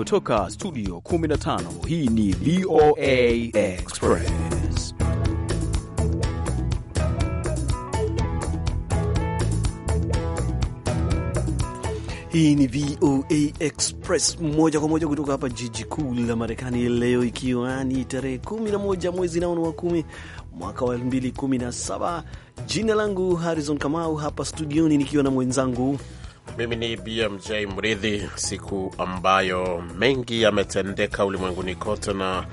kutoka studio 15 hii ni VOA Express. Hii ni VOA Express moja kwa moja kutoka hapa jiji kuu la Marekani, leo ikiwa ni tarehe 11 mwezi naono wa kumi mwaka wa 2017. Jina langu Harrison Kamau, hapa studioni nikiwa na mwenzangu mimi ni BMJ Mridhi. Siku ambayo mengi yametendeka ulimwenguni kote na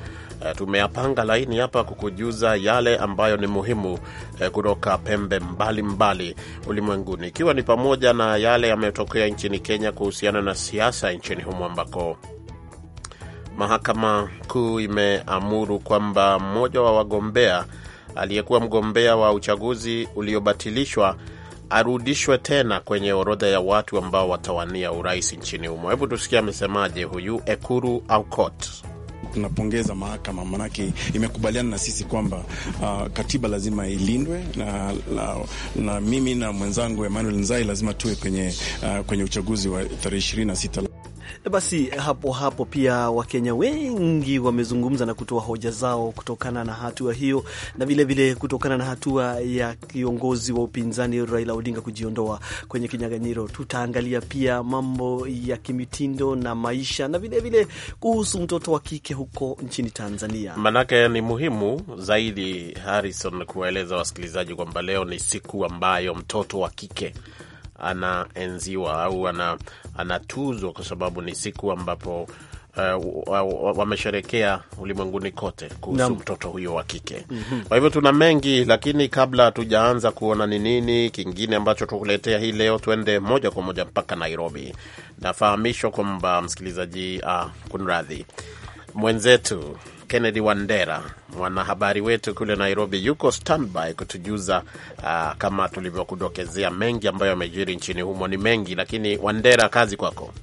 eh, tumeyapanga laini hapa kukujuza yale ambayo ni muhimu eh, kutoka pembe mbalimbali ulimwenguni, ikiwa ni pamoja na yale yametokea nchini Kenya kuhusiana na siasa nchini humo ambako mahakama kuu imeamuru kwamba mmoja wa wagombea aliyekuwa mgombea wa uchaguzi uliobatilishwa arudishwe tena kwenye orodha ya watu ambao watawania urais nchini humo. Hebu tusikia amesemaje huyu Ekuru Aukot. Tunapongeza mahakama manake imekubaliana na sisi kwamba uh, katiba lazima ilindwe na, na, na mimi na mwenzangu Emmanuel Nzai lazima tuwe kwenye, uh, kwenye uchaguzi wa tarehe 26. Na basi hapo hapo pia Wakenya wengi wamezungumza na kutoa hoja zao kutokana na hatua hiyo na vilevile kutokana na hatua ya kiongozi wa upinzani Raila Odinga kujiondoa kwenye kinyang'anyiro. Tutaangalia pia mambo ya kimitindo na maisha na vilevile vile kuhusu mtoto wa kike huko nchini Tanzania. Manake ni muhimu zaidi, Harrison, kuwaeleza wasikilizaji kwamba leo ni siku ambayo mtoto wa kike anaenziwa au anatuzwa kwa sababu ni siku ambapo Uh, wamesherekea ulimwenguni kote kuhusu mtoto huyo wa kike. mm -hmm. Kwa hivyo tuna mengi, lakini kabla hatujaanza kuona ni nini kingine ambacho tukuletea hii leo, tuende moja kwa moja mpaka Nairobi. Nafahamishwa kwamba msikilizaji, uh, kunradhi mwenzetu Kennedy Wandera, mwanahabari wetu kule Nairobi, yuko standby kutujuza uh, kama tulivyokudokezea mengi ambayo yamejiri nchini humo. Ni mengi lakini, Wandera, kazi kwako.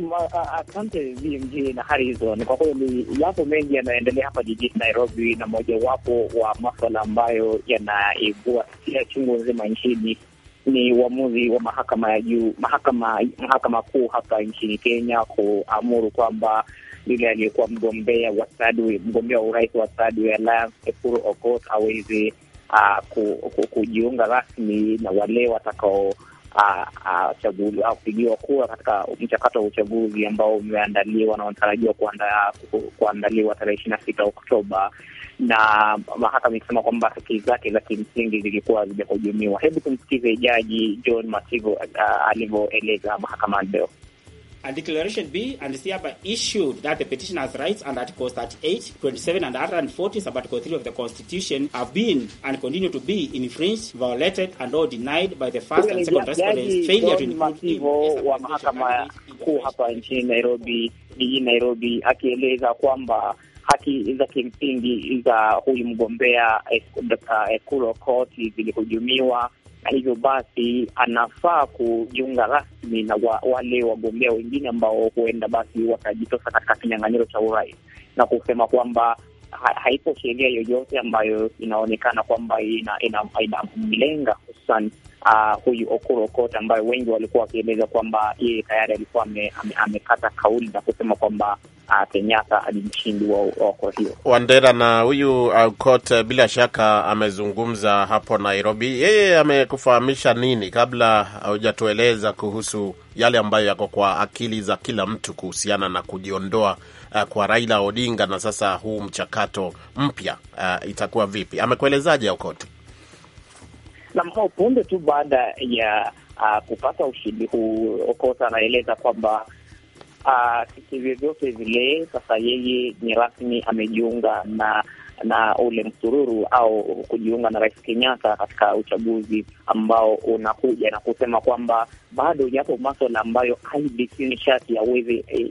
Um, uh, uh, asante VMG na harizon Ni kwa kweli yapo mengi yanayoendelea hapa jijini Nairobi, na mojawapo wa maswala ambayo yanaibua ya chungu nzima nchini ni uamuzi wa mahakama ya juu mahakama mahakama kuu hapa nchini Kenya kuamuru kwamba yule aliyekuwa mgombea wa Sadwe, mgombea wa urais wa Sadwe Alliance Ekuru Aukot aweze uh, kujiunga rasmi na wale watakao ah, ah, chaguliwa au kupigiwa kura katika mchakato wa uchaguzi ambao umeandaliwa na wanatarajiwa kuandaliwa tarehe ishirini na sita Oktoba, na mahakama ikisema kwamba haki zake za kimsingi zilikuwa zimehujumiwa. Hebu tumsikize Jaji John Mativo alivyoeleza mahakamani leo. And declaration B and C have issued that the petitioner's rights under Article 38, 27 and 140 sub Article 3 of the Constitution have been and continue to be infringed, violated and or denied by the first and second respondents failure to include wa mahakama kuu hapa nchini Nairobi, jijini Nairobi, akieleza kwamba haki za kimsingi za huyu mgombea eh, Dr. Ekuru Aukot zilihujumiwa na hivyo basi anafaa kujiunga rasmi na wa, wale wagombea wengine ambao huenda basi wakajitosa katika kinyang'anyiro cha urais na kusema kwamba ha, haipo sheria yoyote ambayo inaonekana kwamba inamlenga hususan Uh, huyu Okoro Okot wengi walikuwa wakieleza kwamba yeye tayari alikuwa amekata ame, ame kauli na kusema kwamba Kenyatta alimshindi wa, wa kwa hiyo Wandera na huyu Aukot uh, uh, bila shaka amezungumza hapo Nairobi. Yeye amekufahamisha nini kabla haujatueleza kuhusu yale ambayo yako kwa akili za kila mtu kuhusiana na kujiondoa uh, kwa Raila Odinga na sasa huu mchakato mpya uh, itakuwa vipi? Amekuelezaje Aukot? Namhao punde tu baada ya uh, kupata ushindi huu, Okot anaeleza kwamba Ah, vyovyote vile, sasa yeye ni rasmi amejiunga na na ule msururu au kujiunga na Rais Kenyatta katika uchaguzi ambao unakuja na kusema kwamba bado yapo maswala ambayo IEBC ni sharti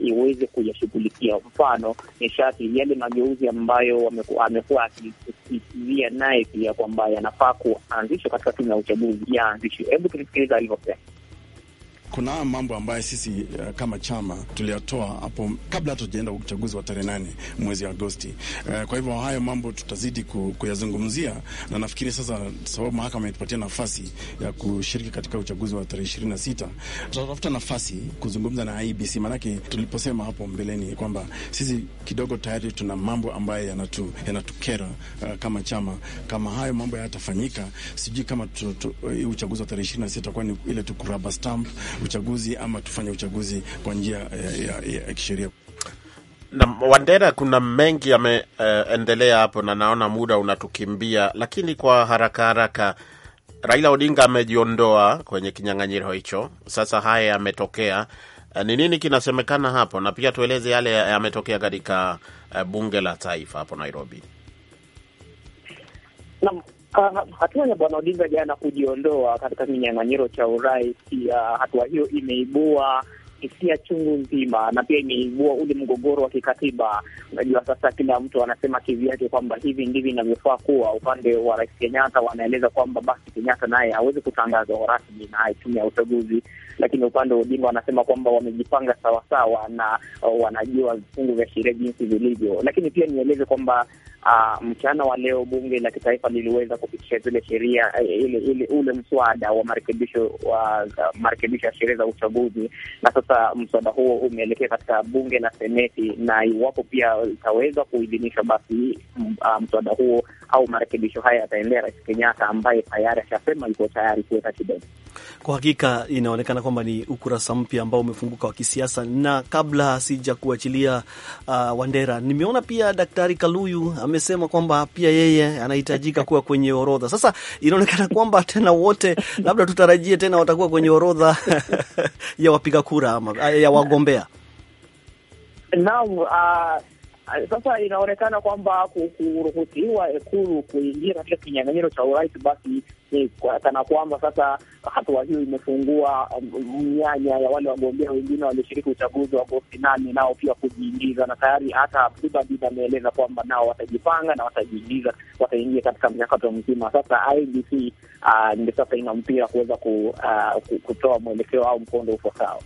iweze kuyashughulikia. Mfano ni yale mageuzi ambayo amekuwa akisisitizia naye pia kwamba yanafaa kuanzishwa katika tume ya uchaguzi yaanzishwe. Hebu tulisikiliza alivyosema kuna mambo ambayo sisi uh, kama chama tuliyatoa hapo kabla hatujaenda uchaguzi wa tarehe nane mwezi Agosti. Uh, kwa hivyo hayo mambo tutazidi ku, kuyazungumzia na nafikiri sasa, sababu mahakama imetupatia nafasi ya kushiriki katika uchaguzi wa tarehe ishirini na sita tutatafuta nafasi kuzungumza na IBC, maanake tuliposema hapo mbeleni kwamba sisi kidogo tayari tuna mambo ambayo yanatu, yanatukera uh, kama chama. Kama hayo mambo yatafanyika, sijui kama tu, tu, uchaguzi wa tarehe ishirini na sita utakuwa ni ile tu kuraba stamp uchaguzi ama tufanye uchaguzi kwa njia eh, ya, ya, ya kisheria. Na Wandera, kuna mengi yameendelea uh, hapo na naona muda unatukimbia, lakini kwa haraka haraka, Raila Odinga amejiondoa kwenye kinyang'anyiro hicho. Sasa haya yametokea, eh, ni nini kinasemekana hapo, na pia tueleze yale yametokea katika uh, bunge la taifa hapo Nairobi. Naam. Ah, hatua ya Bwana Odinga jana kujiondoa katika kinyang'anyiro cha urais, hatua hiyo imeibua hisia chungu nzima na pia imeibua ule mgogoro wa kikatiba. Unajua, sasa kila mtu anasema kivyake kwamba hivi ndivyo inavyofaa kuwa. Upande wa rais Kenyatta wanaeleza kwamba basi Kenyatta naye hawezi kutangazwa rasmi na tume ya uchaguzi, lakini upande wa Odinga wanasema kwamba wamejipanga sawasawa na wanajua vifungu vya sheria jinsi vilivyo. Lakini pia nieleze kwamba Uh, mchana wa leo bunge la kitaifa liliweza kupitisha zile sheria eh, ile, ile ule mswada wa marekebisho wa uh, marekebisho ya sheria za uchaguzi, na sasa mswada huo umeelekea katika bunge la seneti, na iwapo pia itaweza kuidhinishwa, basi uh, mswada huo au marekebisho haya yataendea Rais Kenyatta ambaye tayari ashasema yuko tayari kuweka kidogo. Kwa hakika inaonekana kwamba ni ukurasa mpya ambao umefunguka wa kisiasa. Na kabla sija kuachilia uh, Wandera, nimeona pia Daktari Kaluyu amesema kwamba pia yeye anahitajika kuwa kwenye orodha. Sasa inaonekana kwamba tena wote labda tutarajie tena watakuwa kwenye orodha ya wapiga kura ama ya wagombea. Naam, uh, Eh, sasa inaonekana kwamba kuruhusiwa Ekuru kuingia katika kinyang'anyiro cha urais, basi eh, kana kwamba sasa hatua hiyo imefungua um, mianya ya wale wagombea wengine walioshiriki uchaguzi wa Agosti nane nao pia kujiingiza, na tayari hata Abdulbadid ameeleza kwamba nao watajipanga na watajiingiza, wataingia katika mchakato mzima. Sasa IBC ah, ndio sasa ina mpira kuweza ah, kutoa mwelekeo au mkondo ufuatao.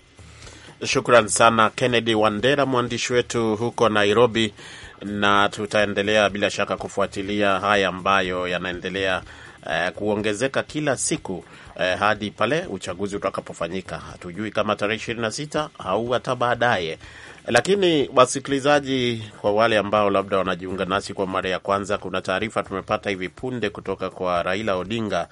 Shukran sana Kennedy Wandera, mwandishi wetu huko Nairobi, na tutaendelea bila shaka kufuatilia haya ambayo yanaendelea eh, kuongezeka kila siku eh, hadi pale uchaguzi utakapofanyika. Hatujui kama tarehe ishirini na sita au hata baadaye. Lakini wasikilizaji, kwa wale ambao labda wanajiunga nasi kwa mara ya kwanza, kuna taarifa tumepata hivi punde kutoka kwa Raila Odinga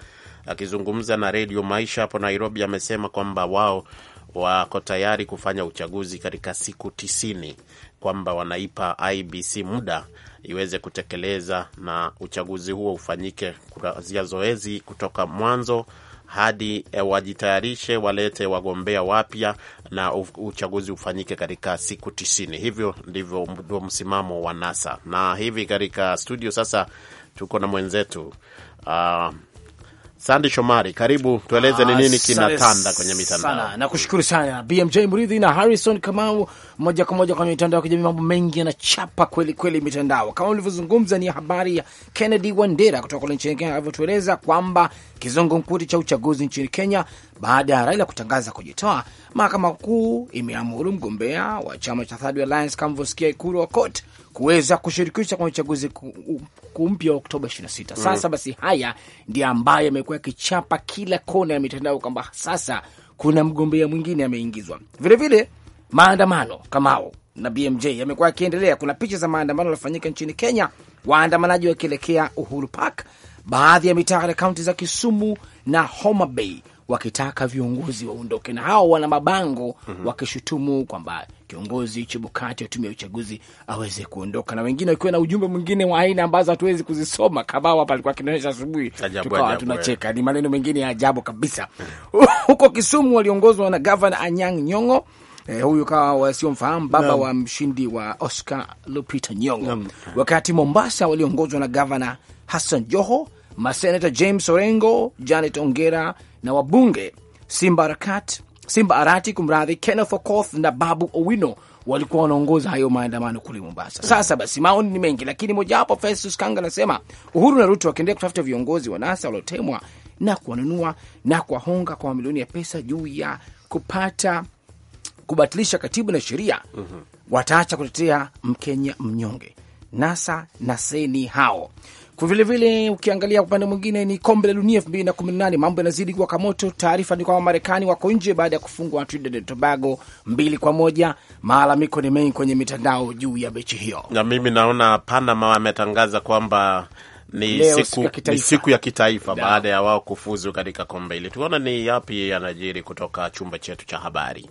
akizungumza na Redio Maisha hapo Nairobi. Amesema kwamba wao wako tayari kufanya uchaguzi katika siku tisini, kwamba wanaipa IBC muda iweze kutekeleza na uchaguzi huo ufanyike kuanzia zoezi kutoka mwanzo hadi e, wajitayarishe walete wagombea wapya na uchaguzi ufanyike katika siku tisini. Hivyo ndivyo ndio msimamo wa NASA, na hivi katika studio sasa tuko na mwenzetu uh, Sandi Shomari, karibu tueleze ni nini kinatanda kwenye mitandao. Nakushukuru sana BMJ Mridhi na Harrison Kamau moja kwa moja kwenye mitandao ya kijamii. Mambo mengi yanachapa kweli kweli mitandao, kama ulivyozungumza, ni habari ya Kennedy Wandera kutoka kule nchini Kenya alivyotueleza kwamba kizungumkuti cha uchaguzi nchini Kenya baada ya Raila kutangaza kujitoa, mahakama kuu imeamuru mgombea wa chama cha Third Alliance Kamvoskia Ikuru court kuweza kushirikisha kwenye uchaguzi mpya wa Oktoba 26. Mm. Sasa basi, haya ndiyo ambayo yamekuwa yakichapa kila kona ya mitandao kwamba sasa kuna mgombea mwingine ameingizwa vilevile maandamano kamao na BMJ yamekuwa yakiendelea. Kuna picha za maandamano yaliyofanyika nchini Kenya, waandamanaji wakielekea Uhuru Park, baadhi ya mitaa katika kaunti za Kisumu na Homa Bay wakitaka viongozi waondoke, na hao wana mabango mm -hmm. wakishutumu kwamba kiongozi Chebukati wa tume ya uchaguzi aweze kuondoka, na wengine wakiwa na ujumbe mwingine wa aina ambazo hatuwezi kuzisoma. Kama hapa alikuwa akinaonyesha asubuhi, tukawa tunacheka, eh. ni maneno mengine ya ajabu kabisa. Huko Kisumu waliongozwa na gavana Anyang' Nyong'o eh, huyu kawa wasiomfahamu baba no. wa mshindi wa Oscar Lupita Nyong'o no. Wakati Mombasa waliongozwa na gavana Hassan Joho, masenata James Orengo, Janet Ongera na wabunge Simba Arakat, Simba Arati kumradhi, Kenneth Okoth na Babu Owino walikuwa wanaongoza hayo maandamano kule Mombasa. Sasa basi, maoni ni mengi, lakini mojawapo Festus Kanga anasema Uhuru na Ruto wakiendelea kutafuta viongozi wa NASA waliotemwa na kuwanunua na kuwahonga kwa mamilioni ya pesa juu ya kupata kubatilisha katiba na sheria mm -hmm. wataacha kutetea Mkenya mnyonge NASA na seni hao kwa vilevile, ukiangalia upande mwingine ni kombe la dunia elfu mbili na kumi na nane mambo yanazidi kuwaka moto. Taarifa ni kwamba Marekani wako nje baada ya kufungwa Trinidad and Tobago mbili kwa moja. Maalamiko ni mengi kwenye mitandao juu ya mechi hiyo, na mimi naona Panama wametangaza kwamba ni Leo siku, ni siku ya kitaifa da, baada ya wao kufuzu katika kombe hili. Tuona ni yapi yanajiri kutoka chumba chetu cha habari.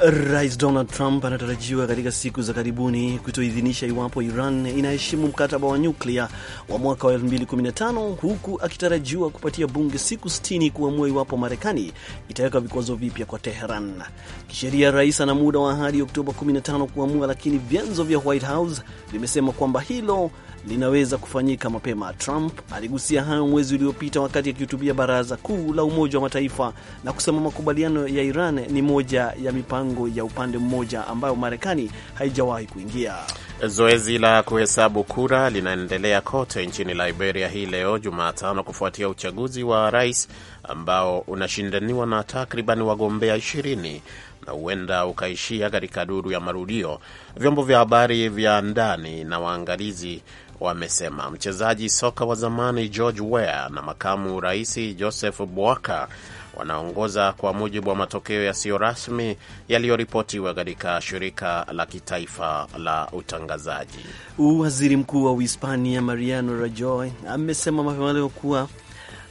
Rais Donald Trump anatarajiwa katika siku za karibuni kutoidhinisha iwapo Iran inaheshimu mkataba wa nyuklia wa mwaka wa 2015 huku akitarajiwa kupatia bunge siku 60 kuamua iwapo Marekani itaweka vikwazo vipya kwa Teheran. Kisheria, rais ana muda wa hadi Oktoba 15 kuamua, lakini vyanzo vya White House vimesema kwamba hilo linaweza kufanyika mapema. Trump aligusia hayo mwezi uliopita wakati akihutubia Baraza Kuu la Umoja wa Mataifa na kusema makubaliano ya Iran ni moja ya mipango ya upande mmoja ambayo Marekani haijawahi kuingia. Zoezi la kuhesabu kura linaendelea kote nchini Liberia hii leo Jumatano, kufuatia uchaguzi wa rais ambao unashindaniwa na takriban wagombea ishirini na huenda ukaishia katika duru ya marudio. Vyombo vya habari vya ndani na waangalizi wamesema. Mchezaji soka wa zamani George Weah na makamu rais Joseph bwaka wanaongoza kwa mujibu wa matokeo yasiyo rasmi yaliyoripotiwa katika shirika la kitaifa la utangazaji. Waziri mkuu wa Uhispania Mariano Rajoy amesema mapema leo kuwa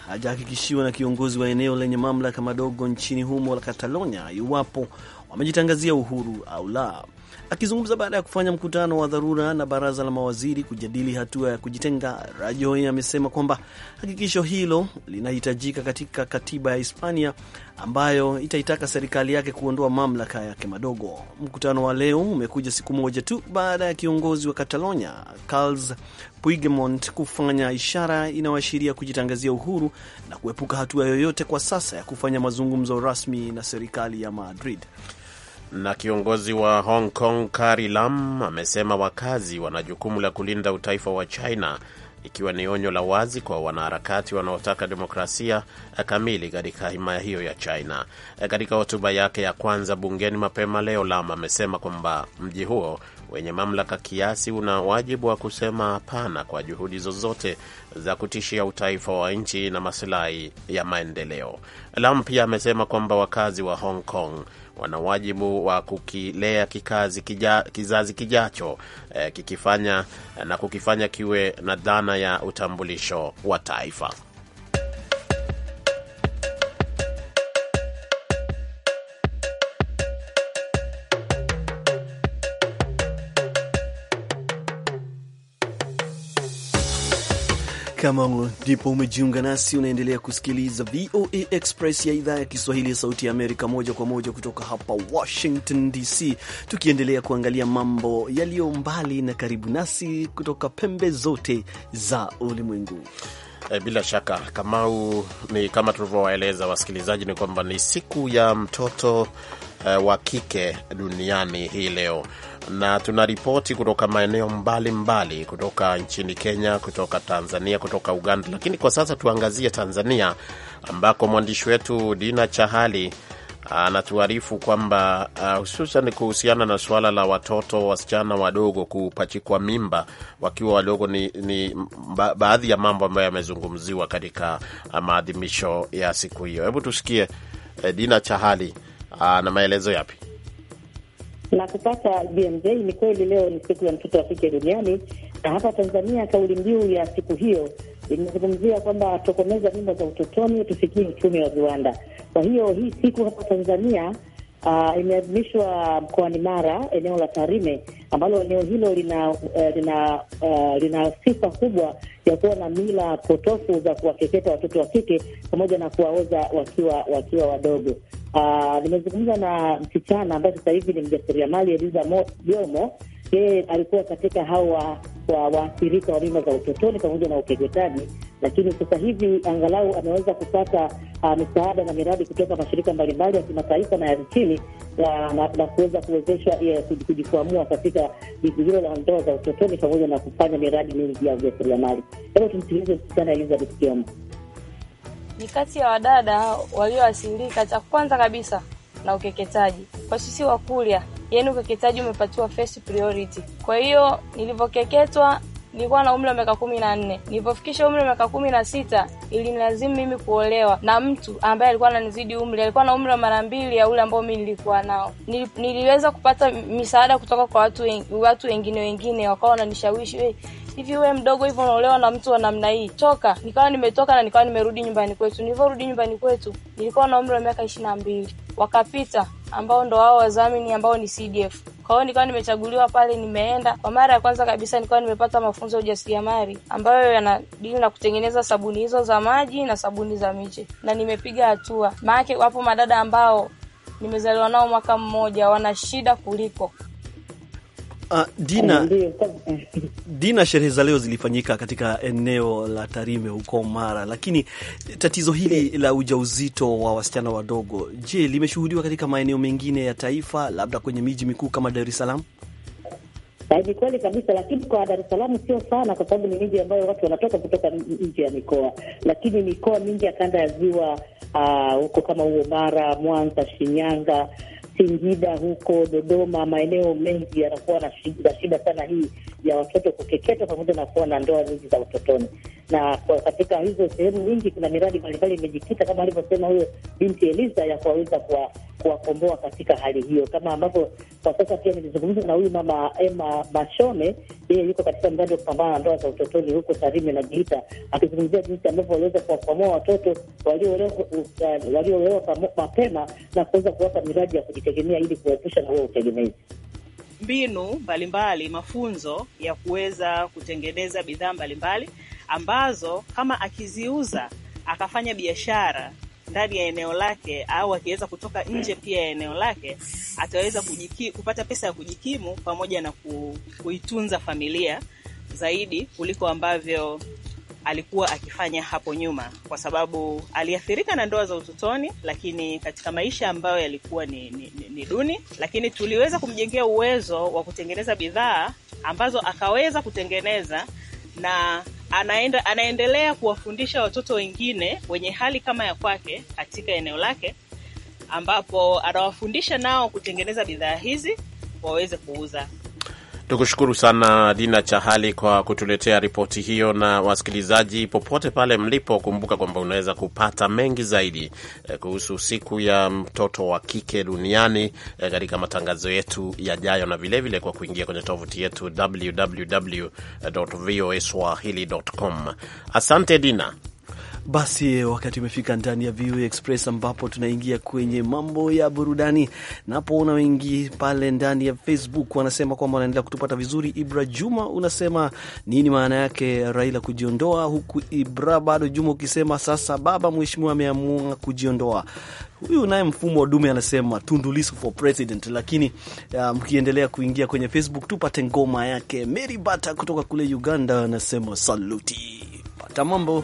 hajahakikishiwa na kiongozi wa eneo lenye mamlaka madogo nchini humo la Catalonia iwapo wamejitangazia uhuru au la. Akizungumza baada ya kufanya mkutano wa dharura na baraza la mawaziri kujadili hatua ya kujitenga, Rajoy amesema kwamba hakikisho hilo linahitajika katika katiba ya Hispania ambayo itaitaka serikali yake kuondoa mamlaka yake madogo. Mkutano wa leo umekuja siku moja tu baada ya kiongozi wa Catalonia Carles Puigdemont kufanya ishara inayoashiria kujitangazia uhuru na kuepuka hatua yoyote kwa sasa ya kufanya mazungumzo rasmi na serikali ya Madrid. Na kiongozi wa Hong Kong Carrie Lam amesema wakazi wana jukumu la kulinda utaifa wa China ikiwa ni onyo la wazi kwa wanaharakati wanaotaka demokrasia kamili katika himaya hiyo ya China. Katika hotuba yake ya kwanza bungeni mapema leo, Lam amesema kwamba mji huo wenye mamlaka kiasi una wajibu wa kusema hapana kwa juhudi zozote za kutishia utaifa wa nchi na masilahi ya maendeleo. Lam pia amesema kwamba wakazi wa Hong Kong wana wajibu wa kukilea kikazi kija, kizazi kijacho eh, kikifanya na kukifanya kiwe na dhana ya utambulisho wa taifa. Kamau ndipo umejiunga nasi, unaendelea kusikiliza VOA Express ya idhaa ya Kiswahili ya Sauti ya Amerika, moja kwa moja kutoka hapa Washington DC, tukiendelea kuangalia mambo yaliyo mbali na karibu nasi kutoka pembe zote za ulimwengu. Eh, bila shaka Kamau, ni kama tulivyowaeleza wasikilizaji, ni kwamba ni siku ya mtoto uh, wa kike duniani hii leo, na ripoti kutoka maeneo mbalimbali mbali, kutoka nchini Kenya, kutoka Tanzania, kutoka Uganda. Lakini kwa sasa tuangazie Tanzania ambako mwandishi wetu Dina Chahali ah, anatuarifu kwamba ah, hususan uh, kuhusiana na suala la watoto wasichana wadogo kupachikwa mimba wakiwa wadogo ni, ni ba, baadhi ya mambo ambayo yamezungumziwa katika ah, maadhimisho ya siku hiyo. Hebu tusikie eh, Dina Chahali Aa, ah, na maelezo yapi? na kupata BMJ. Ni kweli leo ni siku ya mtoto wa kike duniani, na hapa Tanzania kauli mbiu ya siku hiyo imezungumzia kwamba tokomeza mimba za utotoni, tufikie uchumi wa viwanda. Kwa hiyo hii siku hapa Tanzania uh, imeadhimishwa mkoani Mara, eneo la Tarime, ambalo eneo hilo lina uh, lina uh, lina sifa kubwa ya kuwa na mila potofu za kuwakeketa watoto wa kike pamoja na kuwaoza wakiwa wakiwa wadogo. Ah, nimezungumza na msichana ambaye sasa hivi ni mjasiriamali Eliza Jomo. Yeye alikuwa katika hawa waathirika wa mimba za utotoni pamoja na ukeketaji, lakini sasa hivi angalau ameweza kupata ah, misaada na miradi kutoka mashirika mbalimbali ya kimataifa na ya nchini na kuweza kuwezeshwa kujikwamua katika hilo la ndoa za utotoni pamoja na kufanya miradi mingi ya ujasiriamali. Hebu tumsikilize msichana Elizabeth Jomo ni kati ya wadada walioathirika. Cha kwanza kabisa na ukeketaji. Kwa sisi Wakurya, yani ukeketaji umepatiwa first priority. Kwa hiyo nilivyokeketwa nilikuwa na umri wa miaka kumi na nne. Nilipofikisha umri wa miaka kumi na sita ilinilazimu mimi kuolewa na mtu ambaye alikuwa ananizidi umri, alikuwa na umri wa mara mbili ya ule ambao mi nilikuwa nao. niliweza kupata misaada kutoka kwa watu watu wengine wengine, wakawa wananishawishi hivi wewe mdogo hivyo unaolewa na mtu wa namna hii, toka. Nikawa nimetoka na nikawa nimerudi nyumbani kwetu. Nilivyorudi nyumbani kwetu nilikuwa na umri wa miaka ishirini na mbili wakapita ambao ndo wao wazamini ambao ni CDF. Kwa hiyo nikawa nimechaguliwa pale, nimeenda kwa mara ya kwanza kabisa, nikawa nimepata mafunzo ya ujasiriamali ambayo yanadili na kutengeneza sabuni hizo za maji na sabuni za miche, na nimepiga hatua, maanake wapo madada ambao nimezaliwa nao mwaka mmoja, wana shida kuliko Uh, Dina, Dina, sherehe za leo zilifanyika katika eneo la Tarime huko Mara, lakini tatizo hili la ujauzito wa wasichana wadogo, je, limeshuhudiwa katika maeneo mengine ya taifa, labda kwenye miji mikuu kama Dar es Salaam? Ah, ni kweli kabisa, lakini kwa Dar es Salaam sio sana, kwa sababu ni miji ambayo watu wanatoka kutoka nje ya mikoa, lakini mikoa mingi ya kanda ya ziwa ah, huko uh, kama huo Mara, Mwanza, Shinyanga Singida huko Dodoma, maeneo mengi yanakuwa na shida sana hii ya watoto kukeketwa pamoja na kuwa na ndoa nyingi za utotoni na kwa katika hizo sehemu nyingi kuna miradi mbalimbali imejikita kama alivyosema huyo binti Eliza ya kuwaweza kuwakomboa katika hali hiyo, kama ambavyo kwa sasa pia nilizungumza na huyu mama Emma Bashome, yeye yuko katika mradi wa kupambana na ndoa za utotoni huko Tarime na Geita, akizungumzia jinsi ambavyo waliweza kuwakomboa watoto walioolewa uh, mapema na kuweza kuwapa miradi ya kujitegemea ili kuepusha na huo utegemezi mbinu mbalimbali, mafunzo ya kuweza kutengeneza bidhaa mbalimbali ambazo kama akiziuza akafanya biashara ndani ya eneo lake au akiweza kutoka nje pia ya eneo lake ataweza kujiki, kupata pesa ya kujikimu pamoja na ku, kuitunza familia zaidi kuliko ambavyo alikuwa akifanya hapo nyuma, kwa sababu aliathirika na ndoa za utotoni, lakini katika maisha ambayo yalikuwa ni, ni, ni, ni duni, lakini tuliweza kumjengea uwezo wa kutengeneza bidhaa ambazo akaweza kutengeneza na anaenda, anaendelea kuwafundisha watoto wengine wenye hali kama ya kwake katika eneo lake, ambapo anawafundisha nao kutengeneza bidhaa hizi waweze kuuza Tukushukuru sana Dina Chahali kwa kutuletea ripoti hiyo. Na wasikilizaji, popote pale mlipo, kumbuka kwamba unaweza kupata mengi zaidi eh, kuhusu siku ya mtoto wa kike duniani eh, katika matangazo yetu yajayo, na vilevile vile kwa kuingia kwenye tovuti yetu www voa Asante Dina. Basi eh, wakati umefika ndani ya VOA Express ambapo tunaingia kwenye mambo ya burudani. Napoona wengi pale ndani ya Facebook wanasema kwamba wanaendelea kutupata vizuri. Ibra Juma unasema nini maana yake Raila kujiondoa, huku Ibra bado Juma ukisema sasa baba mheshimiwa ameamua kujiondoa. Huyu naye mfumo wa dume anasema Tundu Lissu for president. Lakini eh, mkiendelea um, kuingia kwenye Facebook tupate ngoma yake Mary Bata kutoka kule Uganda anasema saluti pata mambo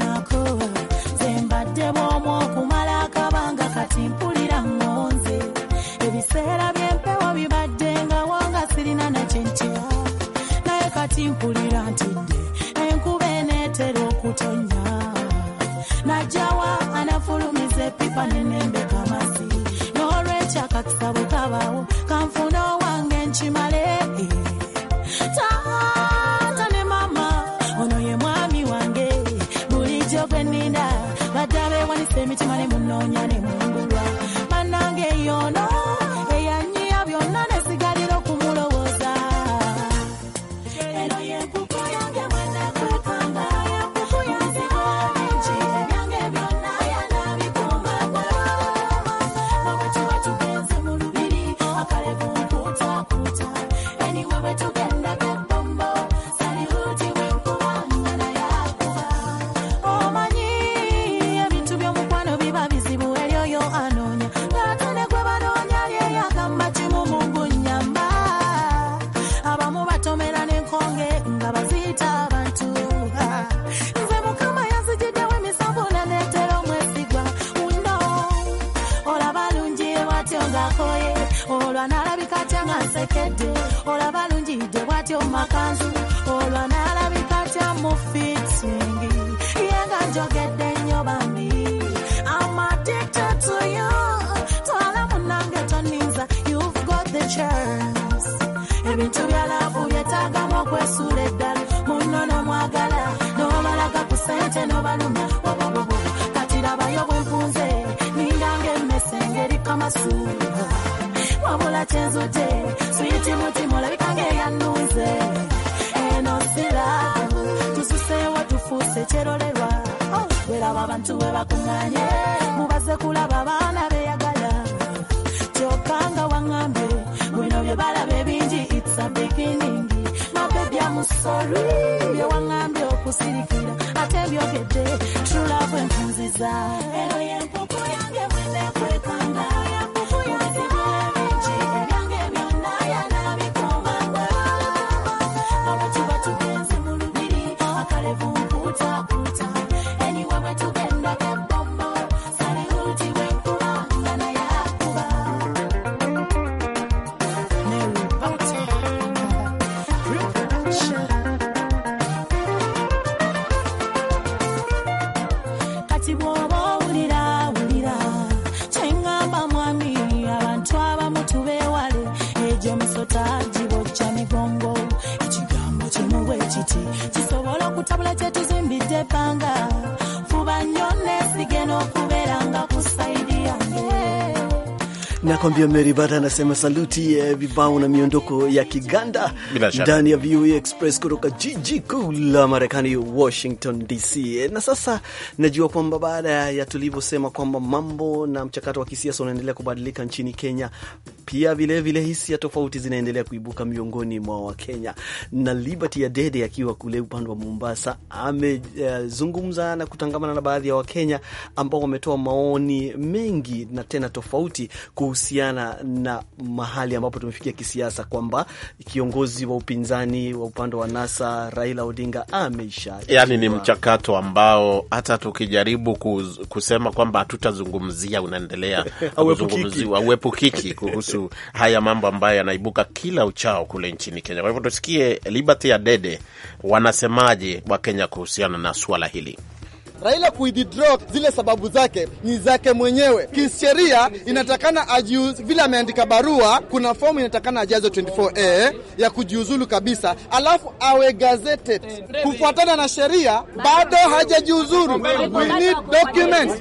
wabula kyenzudde suyitimutimu olabika ngaeyanuze eno sira tususewo tufuuse kyerolerwa oh, welaba abantu we bakuŋŋanye mubaze kulaba abaana beyagala kyokka nga waŋŋambe mubino bye balaba ebingi its a beginning mabebya musori bye waŋŋambye okusirikira ate ebyogedde tulabwe enfunziza eno yempuku yange mwenekwekanga yempu epanga fuba nyone sigeno kuba nakwambia Mary Bada anasema saluti eh, vibao na miondoko ya Kiganda ndani ya VOA Express kutoka jiji kuu la Marekani, Washington DC. Eh, Na sasa najua kwamba baada ya tulivyosema kwamba mambo na mchakato wa kisiasa unaendelea kubadilika nchini Kenya, pia vilevile hisia tofauti zinaendelea kuibuka miongoni mwa Wakenya, na Liberty ya Dede akiwa kule upande wa Mombasa amezungumza eh, uh, na kutangamana na baadhi ya Wakenya ambao wametoa maoni mengi na tena tofauti kuhusu kuhusiana na mahali ambapo tumefikia kisiasa, kwamba kiongozi wa upinzani wa upande wa NASA Raila Odinga ameisha, yani ni mchakato ambao hata tukijaribu kusema kwamba hatutazungumzia unaendelea kuzungumziwa, hauepukiki kuhusu haya mambo ambayo yanaibuka kila uchao kule nchini Kenya. Kwa hivyo tusikie Liberty Adede wanasemaje wa Kenya kuhusiana na suala hili. Raila kuidithdraw zile sababu zake ni zake mwenyewe. Kisheria inatakana ajiuz, vile ameandika barua, kuna fomu inatakana ajaze 24A ya kujiuzulu kabisa, alafu awe gazeted kufuatana na sheria. Bado hajajiuzuru, we need documents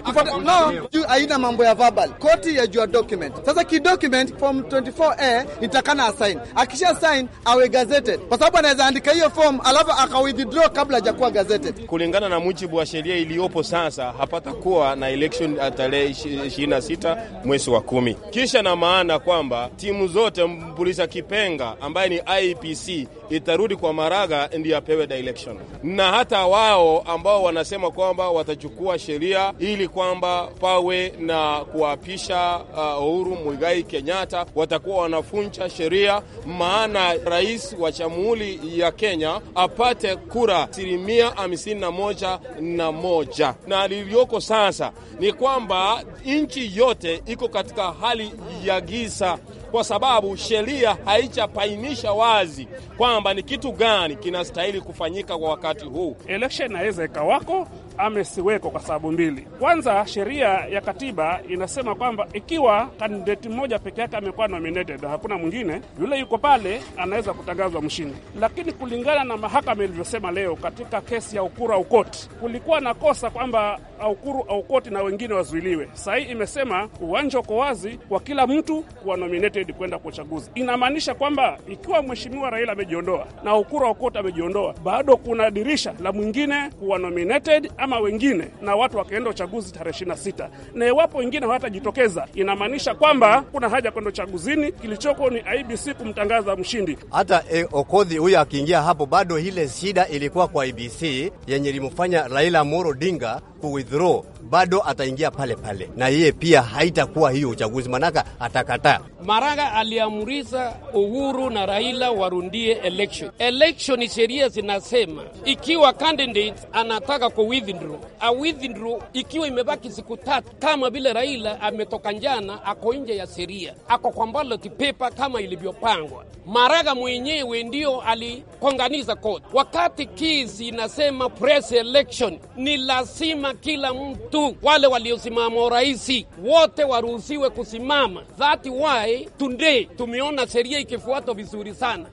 no juu aina mambo ya verbal, koti ya jua document. Sasa ki document form 24A itakana assign, akisha sain awe gazeted, kwa sababu anaweza andika hiyo form alafu akawithdraw kabla hajakuwa gazeted, kulingana na mujibu wa sheria iliyopo sasa hapatakuwa na election uh, tarehe 26 mwezi wa kumi. Kisha na maana kwamba timu zote mpulisha kipenga ambaye ni IPC itarudi kwa Maraga ndiyo apewe direction, na hata wao ambao wanasema kwamba watachukua sheria ili kwamba pawe na kuapisha uh, Uhuru Muigai Kenyatta, watakuwa wanafunja sheria, maana rais wa jamhuri ya Kenya apate kura asilimia hamsini na moja na moja, na liliyoko sasa ni kwamba nchi yote iko katika hali ya giza kwa sababu sheria haijapainisha wazi kwamba ni kitu gani kinastahili kufanyika kwa wakati huu. Election inaweza ikawako amesiweko kwa sababu mbili. Kwanza, sheria ya katiba inasema kwamba ikiwa kandidati mmoja peke yake amekuwa nominated, hakuna mwingine yule yuko pale, anaweza kutangazwa mshindi. Lakini kulingana na mahakama ilivyosema leo katika kesi ya Ukuru Aukoti, kulikuwa na kosa kwamba Aukuru Aukoti na wengine wazuiliwe. Sahii imesema uwanja uko wazi kwa kila mtu kuwa nominated kwenda kwa uchaguzi. Inamaanisha kwamba ikiwa mheshimiwa Raila amejiondoa na Ukuru Aukoti amejiondoa, bado kuna dirisha la mwingine kuwa nominated kama wengine na watu wakaenda uchaguzi tarehe 26, na iwapo wengine hawatajitokeza inamaanisha kwamba kuna haja kwenda uchaguzini. Kilichoko ni IBC kumtangaza mshindi. Hata e, eh, Okodhi huyo akiingia hapo, bado ile shida ilikuwa kwa IBC yenye ilimfanya Raila Amolo Odinga kuwithdraw bado ataingia pale pale, na yeye pia haitakuwa hiyo uchaguzi, manaka atakataa. Maraga aliamrisha Uhuru na Raila warundie election. Election sheria zinasema ikiwa candidate anataka ku withdraw a withdraw, ikiwa imebaki siku tatu, kama vile Raila ametoka njana, ako nje ya sheria, ako kwa ballot paper kama ilivyopangwa. Maraga mwenyewe ndio alikonganiza koti, wakati kesi inasema press election ni lazima lazima kila mtu, wale waliosimama urais wote waruhusiwe kusimama. That why today tumeona sheria ikifuatwa vizuri sana.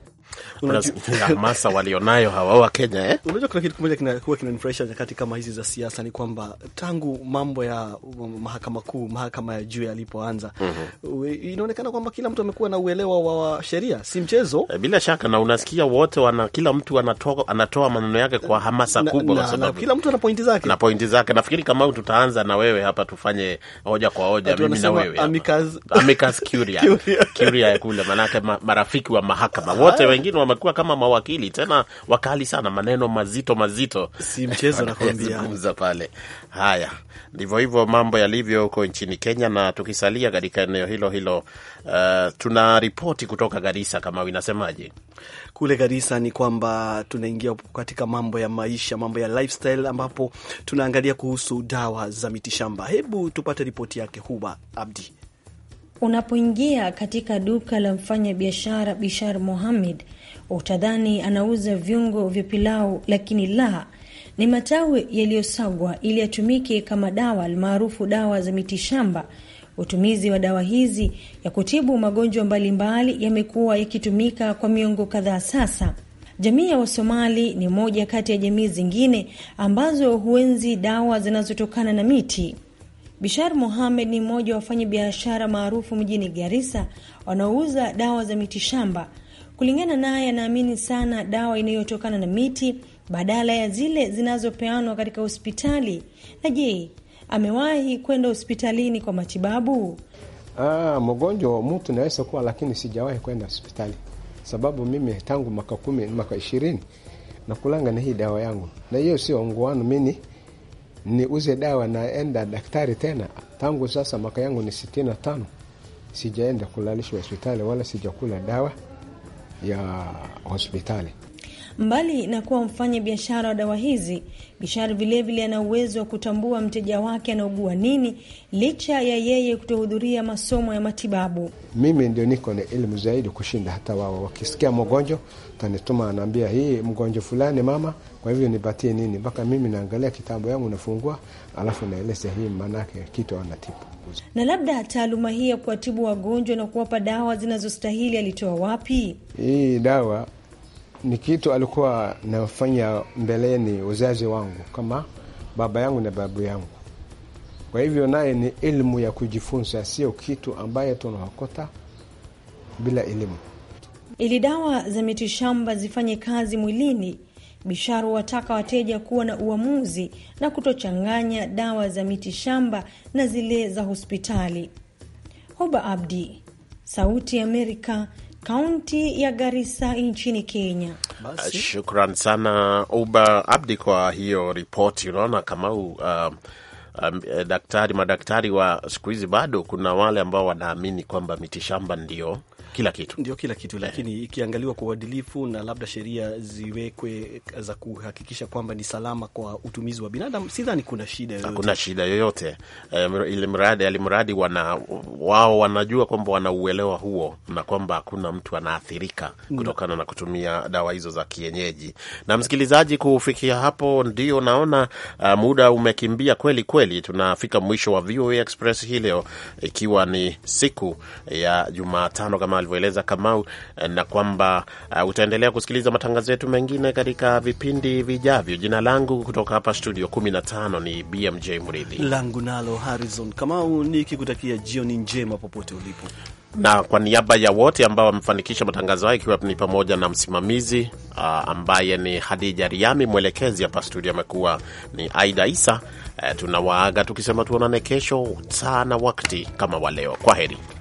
hamasa walionayo hawa wa Kenya eh? Unajua, kuna kitu kimoja kina, huwa kinanifurahisha nyakati kama hizi za siasa ni kwamba tangu mambo ya mahakama kuu, mahakama ya juu yalipoanza, mm -hmm. inaonekana kwamba kila mtu amekuwa na uelewa wa sheria, si mchezo e, bila shaka, na unasikia wote wana, kila mtu anatoa, anatoa maneno yake kwa hamasa na, kubwa, kwa sababu kila mtu ana pointi zake na pointi zake. Nafikiri kama tutaanza na wewe hapa, tufanye hoja kwa hoja, mimi na wewe amicus, amicus curia, curia, kule, manake marafiki wa mahakama wote ah, wengi wengine wamekuwa kama mawakili tena wakali sana, maneno mazito mazito, si mchezo nakwambia pale. Haya, ndivyo hivyo mambo yalivyo huko nchini Kenya. Na tukisalia katika eneo hilo hilo, uh, tuna ripoti kutoka Garissa kama inasemaje kule Garissa ni kwamba tunaingia katika mambo ya maisha, mambo ya lifestyle, ambapo tunaangalia kuhusu dawa za mitishamba. Hebu tupate ripoti yake Huba Abdi. Unapoingia katika duka la mfanya biashara Bishar Mohamed utadhani anauza viungo vya pilau, lakini la, ni matawi yaliyosagwa ili yatumike kama dawa almaarufu dawa za mitishamba. Utumizi wa dawa hizi ya kutibu magonjwa mbalimbali yamekuwa yakitumika kwa miongo kadhaa sasa. Jamii ya Wasomali ni moja kati ya jamii zingine ambazo huenzi dawa zinazotokana na miti. Bishar Mohamed ni mmoja wa wafanya biashara maarufu mjini Garissa wanaouza dawa za miti shamba Kulingana naye, anaamini sana dawa inayotokana na miti badala ya zile zinazopeanwa katika hospitali. Na je, amewahi kwenda hospitalini kwa matibabu? Ah, mgonjwa wa mtu naweza kuwa, lakini sijawahi kwenda hospitali sababu mimi tangu mwaka kumi mwaka ishirini nakulanga na hii dawa yangu, na hiyo sio unguano mimi niuze dawa, naenda daktari tena. Tangu sasa maka yangu ni sitini na tano, sijaenda kulalishwa hospitali wala sijakula dawa ya hospitali. Mbali na kuwa mfanya biashara wa dawa hizi, Bishara vilevile ana uwezo wa kutambua mteja wake anaugua nini, licha ya yeye kutohudhuria masomo ya matibabu. Mimi ndio niko na elimu zaidi kushinda hata wao. Wakisikia mgonjwa tanituma, anaambia hii mgonjwa fulani, mama, kwa hivyo nipatie nini, mpaka mimi naangalia kitabu yangu nafungua, alafu naeleza hii maanake kitu anatibu. Na labda taaluma hii ya kuwatibu wagonjwa na kuwapa dawa zinazostahili alitoa wapi? Hii dawa ni kitu alikuwa nafanya mbeleni wazazi wangu kama baba yangu na babu yangu. Kwa hivyo naye ni elimu ya kujifunza, sio kitu ambaye tunaokota bila elimu. Ili dawa za mitishamba zifanye kazi mwilini, Bisharu wataka wateja kuwa na uamuzi na kutochanganya dawa za mitishamba na zile za hospitali. Hoba Abdi, Sauti ya Amerika, kaunti ya Garissa nchini Kenya. Basi. Shukran sana Uba Abdi kwa hiyo ripoti. Unaona kama u, uh, Um, um eh, daktari madaktari wa siku hizi bado kuna wale ambao wanaamini kwamba mitishamba ndio kila kitu, ndio kila kitu, eh. lakini ikiangaliwa kwa uadilifu na labda sheria ziwekwe za kuhakikisha kwamba ni salama kwa utumizi wa binadamu, sidhani kuna shida yoyote. Hakuna shida yoyote eh, ili mradi alimradi wana wao wanajua kwamba wanauelewa huo na kwamba hakuna mtu anaathirika kutokana na kutumia dawa hizo za kienyeji. Na msikilizaji, kufikia hapo ndio naona uh, muda umekimbia kweli kweli. Tunafika mwisho wa VOA Express hii leo, ikiwa ni siku ya Jumatano kama alivyoeleza Kamau, eh, na kwamba uh, utaendelea kusikiliza matangazo yetu mengine katika vipindi vijavyo. Jina langu kutoka hapa studio 15 ni BMJ Mridhi, langu nalo Harrison Kamau, nikikutakia jioni njema popote ulipo na kwa niaba ya wote ambao wamefanikisha matangazo hayo, ikiwa ni pamoja na msimamizi uh, ambaye ni Hadija Riami, mwelekezi hapa studio amekuwa ni Aida Isa. Uh, tunawaaga tukisema tuonane kesho saa na wakati kama wa leo. Kwa heri.